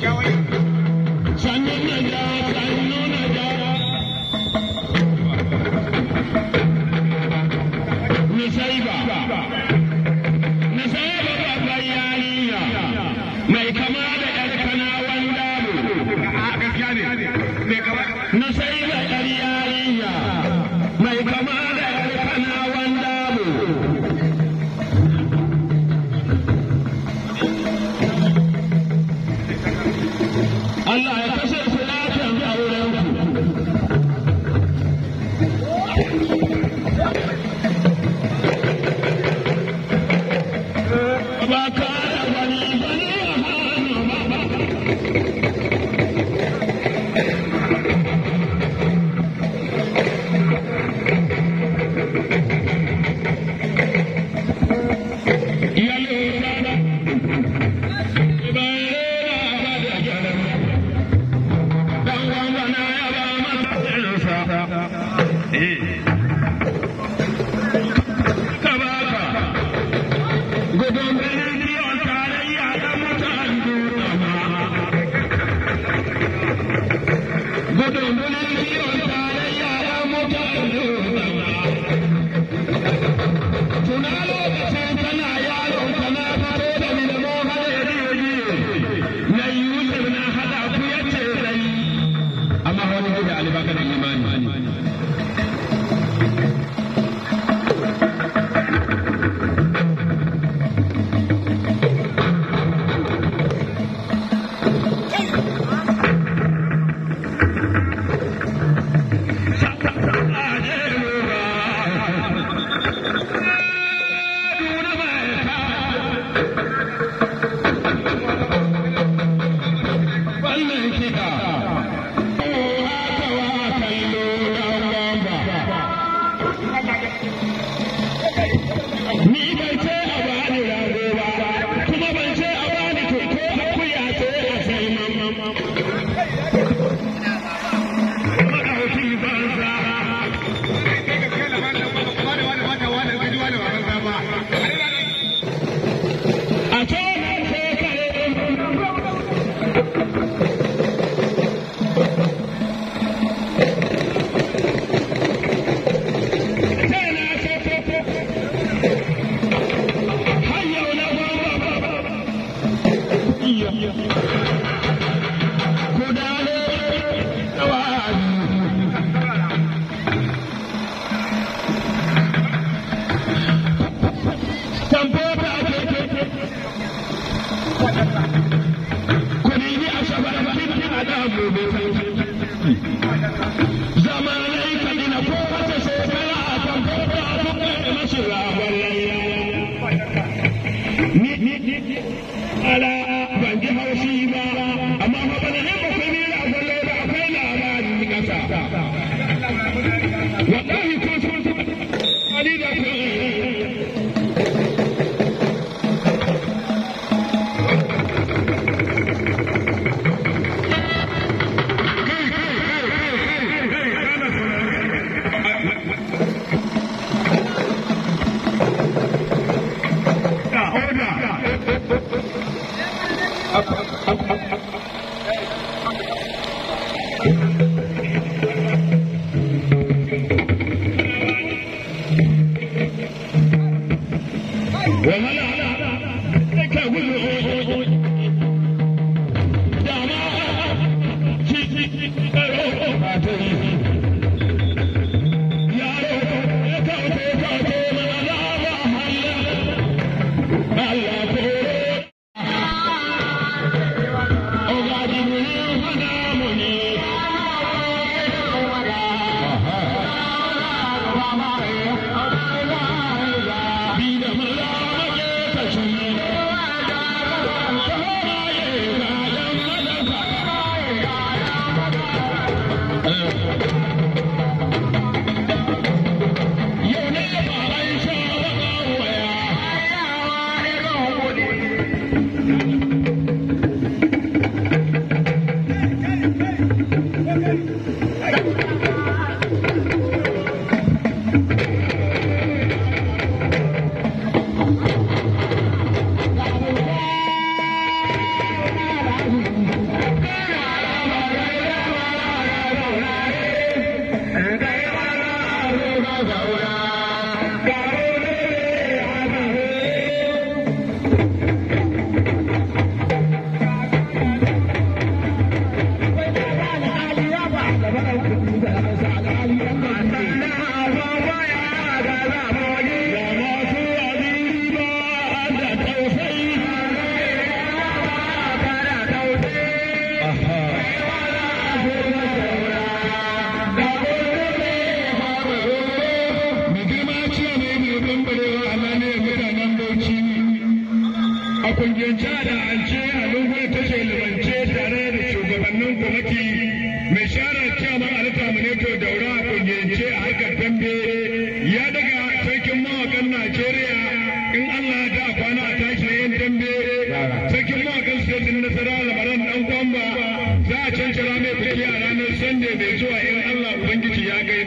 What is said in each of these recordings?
Joey. Thank you. sí! a kungiyance a da'ance a lungun ta shugabance tare da shugabannin gwamnati mai shara kyamar alfamuneto daura a kungiyance a harkar dambe ya daga sarkin mawakan najeriya in allah ta kwana a tashi na yin dambe sarkin mawakan sojin nasara Labaran dan kwamba za a cancara mai kuɗi a ranar sande mai zuwa in allah ubangiji ya gai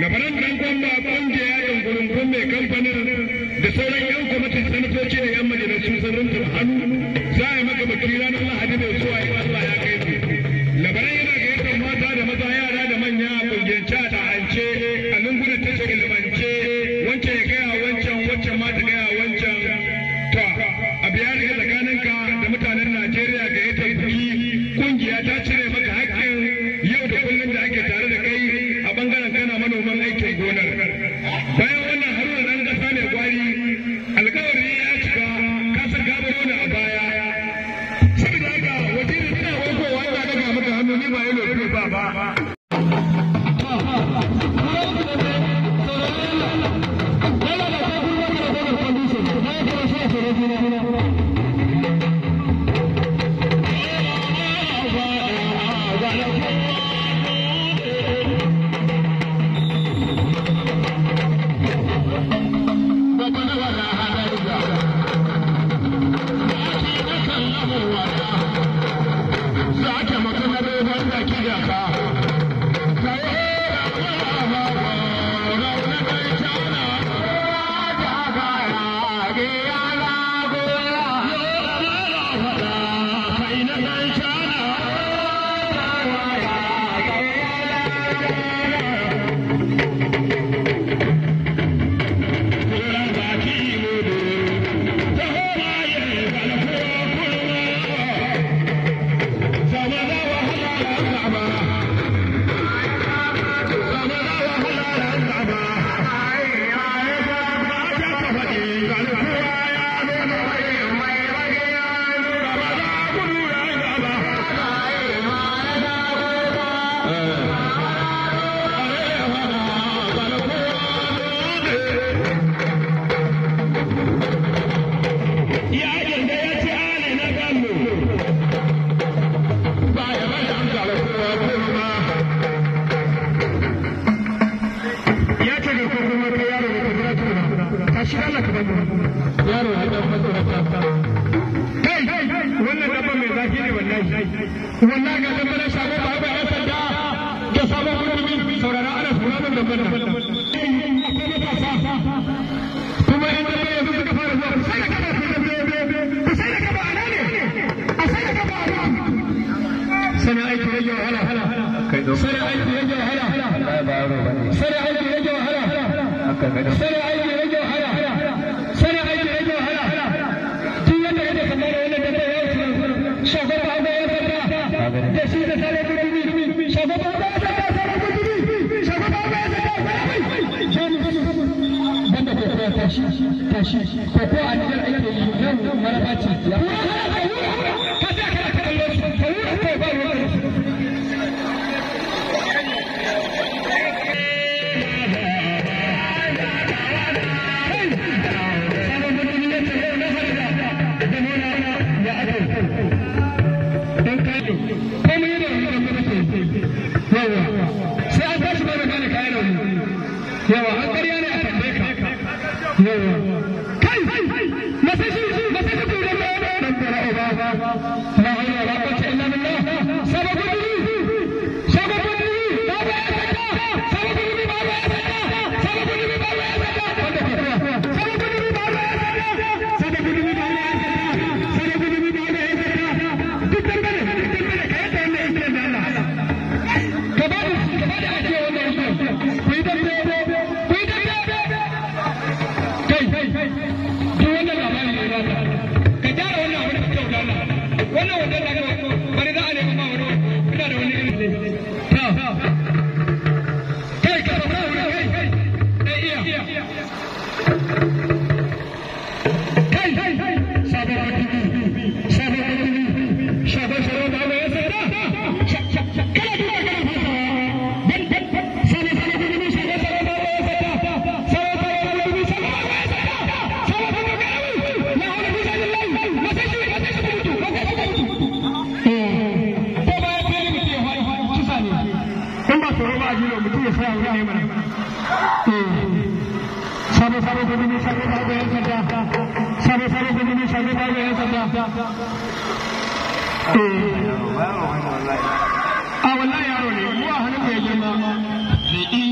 labaran dan kwamba America. Sai aiki ya wahala. Sai aiki ya wahala. tashi tashi tashi ko a nijar ake yi yau maraba ce Thank you. a wallahi yaro ne mu a hannun da ya girma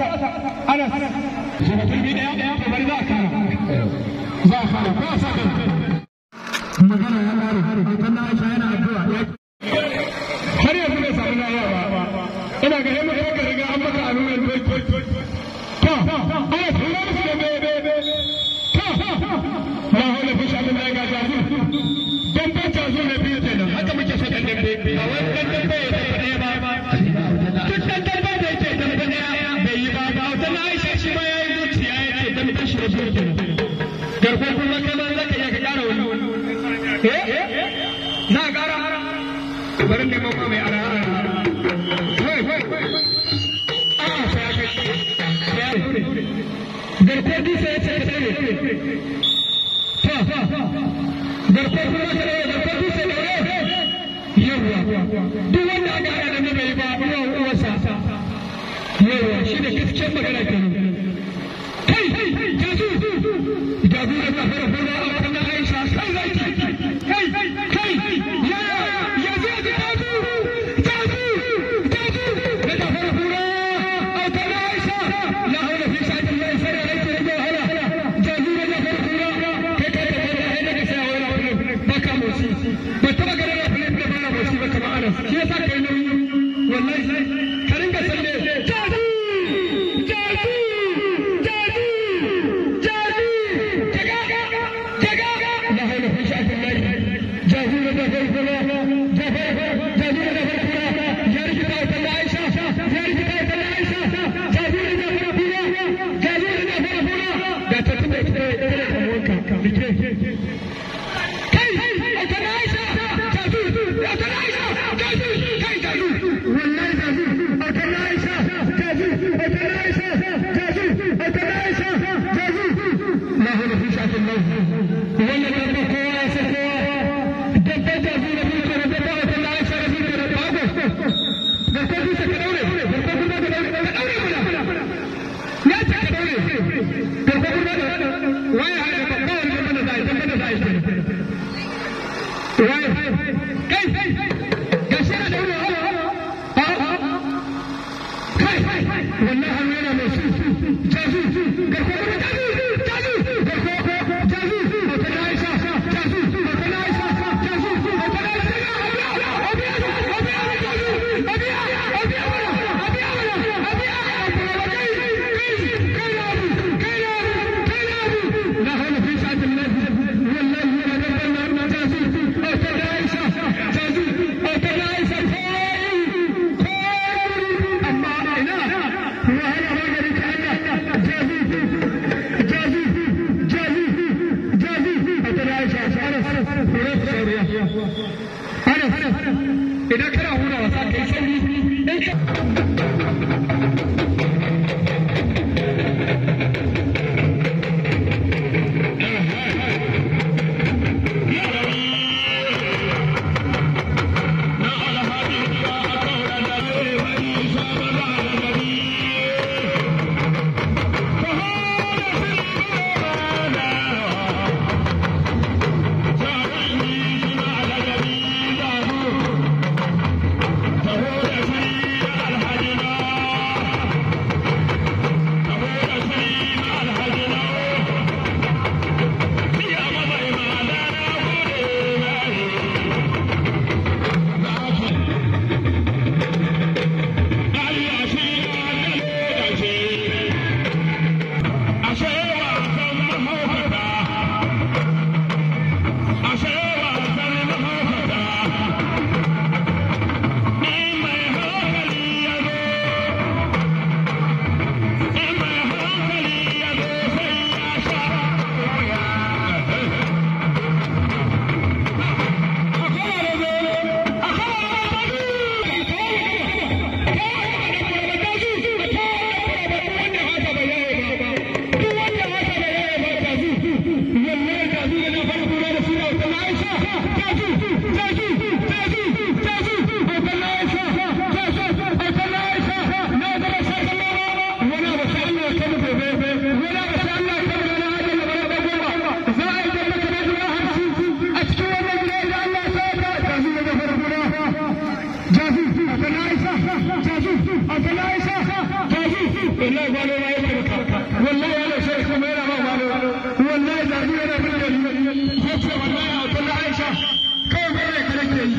anas shugabin da ya bari garkon kuma kai a ƙara bari ah, ne ya da mai ba uwa magana kenan ¡Aquí está you?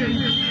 есть.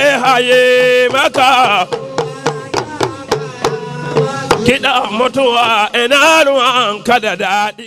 haye maka kiɗa mutuwa ina ruwan ka da daɗi